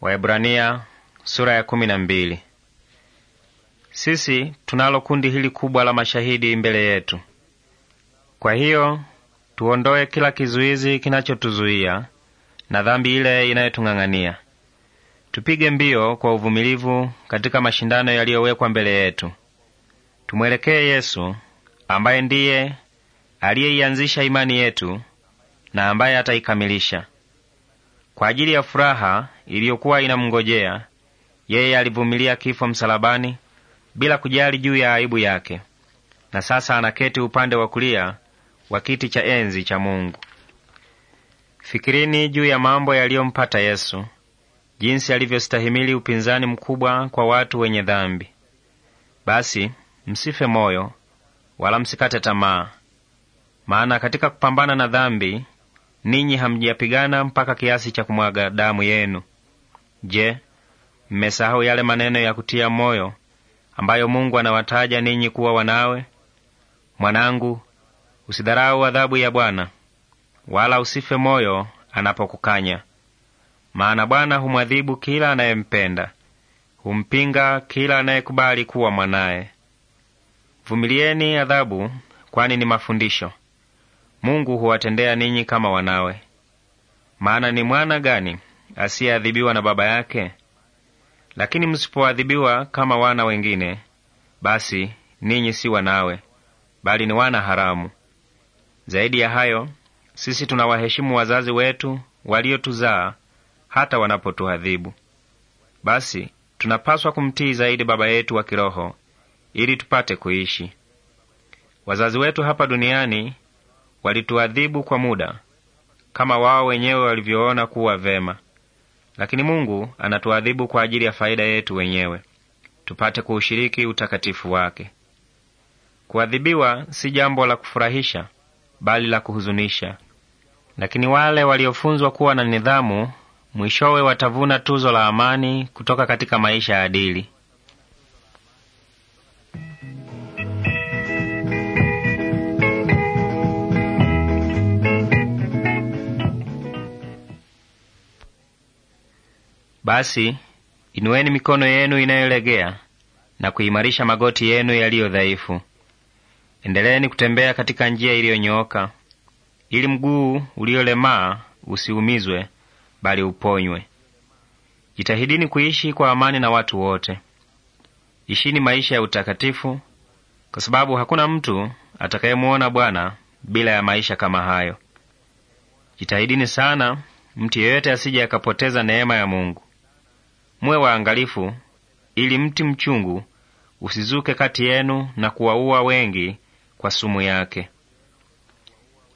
Waebrania sura ya kumi na mbili. Sisi tunalo kundi hili kubwa la mashahidi mbele yetu. Kwa hiyo tuondoe kila kizuizi kinachotuzuia na dhambi ile inayotung'ang'ania, tupige mbio kwa uvumilivu katika mashindano yaliyowekwa mbele yetu. Tumwelekee Yesu ambaye ndiye aliyeianzisha imani yetu na ambaye ataikamilisha. Kwa ajili ya furaha iliyokuwa inamngojea yeye, alivumilia kifo msalabani bila kujali juu ya aibu yake, na sasa anaketi upande wa kulia wa kiti cha enzi cha Mungu. Fikirini juu ya mambo yaliyompata Yesu, jinsi alivyostahimili upinzani mkubwa kwa watu wenye dhambi. Basi msife moyo wala msikate tamaa, maana katika kupambana na dhambi ninyi hamjapigana mpaka kiasi cha kumwaga damu yenu. Je, mmesahau yale maneno ya kutia moyo ambayo Mungu anawataja ninyi kuwa wanawe? Mwanangu, usidharau adhabu ya Bwana, wala usife moyo anapokukanya, maana Bwana humwadhibu kila anayempenda, humpinga kila anayekubali kuwa mwanaye. Vumilieni adhabu, kwani ni mafundisho. Mungu huwatendea ninyi kama wanawe. Maana ni mwana gani asiyeadhibiwa na baba yake? Lakini msipoadhibiwa kama wana wengine, basi ninyi si wanawe, bali ni wana haramu. Zaidi ya hayo, sisi tunawaheshimu wazazi wetu waliotuzaa, hata wanapotuadhibu. Basi tunapaswa kumtii zaidi baba yetu wa kiroho, ili tupate kuishi. Wazazi wetu hapa duniani Walituadhibu kwa muda kama wao wenyewe walivyoona kuwa vema, lakini Mungu anatuadhibu kwa ajili ya faida yetu wenyewe, tupate kuushiriki utakatifu wake. Kuadhibiwa si jambo la kufurahisha, bali la kuhuzunisha, lakini wale waliofunzwa kuwa na nidhamu mwishowe watavuna tuzo la amani kutoka katika maisha ya adili. Basi inueni mikono yenu inayolegea na kuimarisha magoti yenu yaliyo dhaifu. Endeleeni kutembea katika njia iliyonyooka, ili mguu uliolemaa usiumizwe, bali uponywe. Jitahidini kuishi kwa amani na watu wote. Ishini maisha ya utakatifu, kwa sababu hakuna mtu atakayemuona Bwana bila ya maisha kama hayo. Jitahidini sana mtu yeyote asije akapoteza neema ya Mungu. Mwe waangalifu ili mti mchungu usizuke kati yenu na kuwaua wengi kwa sumu yake.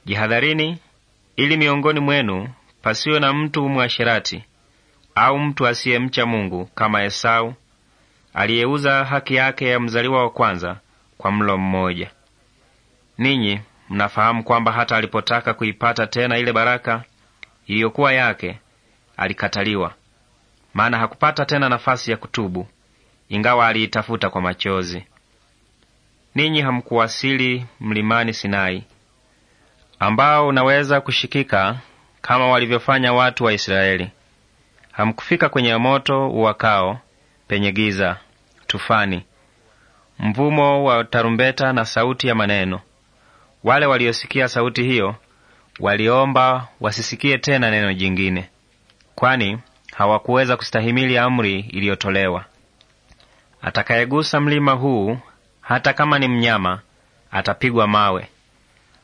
Jihadharini ili miongoni mwenu pasiwe na mtu mwasherati au mtu asiyemcha Mungu kama Esau aliyeuza haki yake ya mzaliwa wa kwanza kwa mlo mmoja. Ninyi mnafahamu kwamba hata alipotaka kuipata tena ile baraka iliyokuwa yake alikataliwa maana hakupata tena nafasi ya kutubu, ingawa aliitafuta kwa machozi. Ninyi hamkuwasili mlimani Sinai, ambao unaweza kushikika kama walivyofanya watu wa Israeli. Hamkufika kwenye moto uwakao, penye giza, tufani, mvumo wa tarumbeta na sauti ya maneno. Wale waliosikia sauti hiyo waliomba wasisikie tena neno jingine, kwani hawakuweza kustahimili amri iliyotolewa. Atakayegusa mlima huu, hata kama ni mnyama, atapigwa mawe.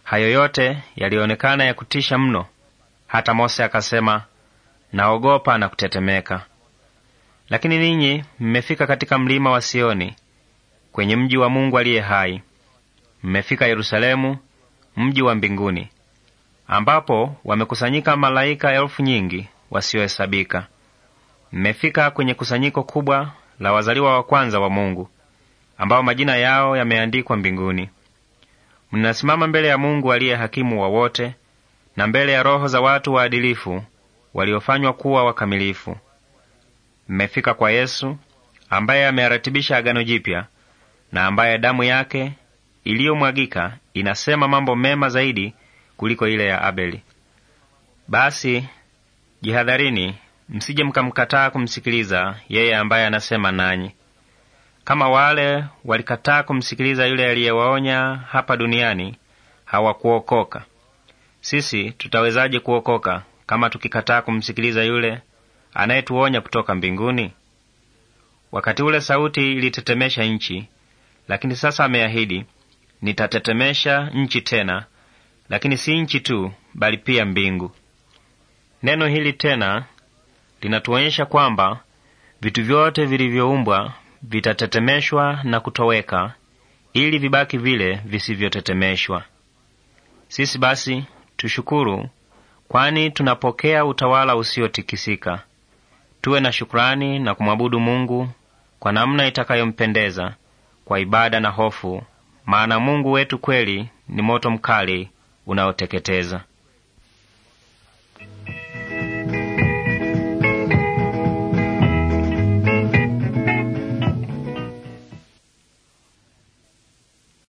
Hayo yote yalionekana ya kutisha mno, hata Mose akasema, naogopa na kutetemeka. Lakini ninyi mmefika katika mlima wa Sioni, kwenye mji wa Mungu aliye hai. Mmefika Yerusalemu, mji wa mbinguni, ambapo wamekusanyika malaika elfu nyingi wasiohesabika mmefika kwenye kusanyiko kubwa la wazaliwa wa kwanza wa Mungu ambao majina yao yameandikwa mbinguni. Mnasimama mbele ya Mungu aliye hakimu wa wote na mbele ya roho za watu waadilifu waliofanywa kuwa wakamilifu. Mmefika kwa Yesu ambaye ameyaratibisha agano jipya na ambaye damu yake iliyomwagika inasema mambo mema zaidi kuliko ile ya Abeli. Basi jihadharini msije mkamkataa kumsikiliza yeye ambaye anasema nanyi, kama wale walikataa kumsikiliza yule aliyewaonya hapa duniani hawakuokoka. Sisi tutawezaje kuokoka kama tukikataa kumsikiliza yule anayetuonya kutoka mbinguni? Wakati ule sauti ilitetemesha nchi, lakini sasa ameahidi, nitatetemesha nchi tena, lakini si nchi tu, bali pia mbingu. Neno hili tena linatuonyesha kwamba vitu vyote vilivyoumbwa vitatetemeshwa na kutoweka ili vibaki vile visivyotetemeshwa. Sisi basi tushukuru, kwani tunapokea utawala usiotikisika. Tuwe na shukurani na kumwabudu Mungu kwa namna itakayompendeza kwa ibada na hofu, maana Mungu wetu kweli ni moto mkali unaoteketeza.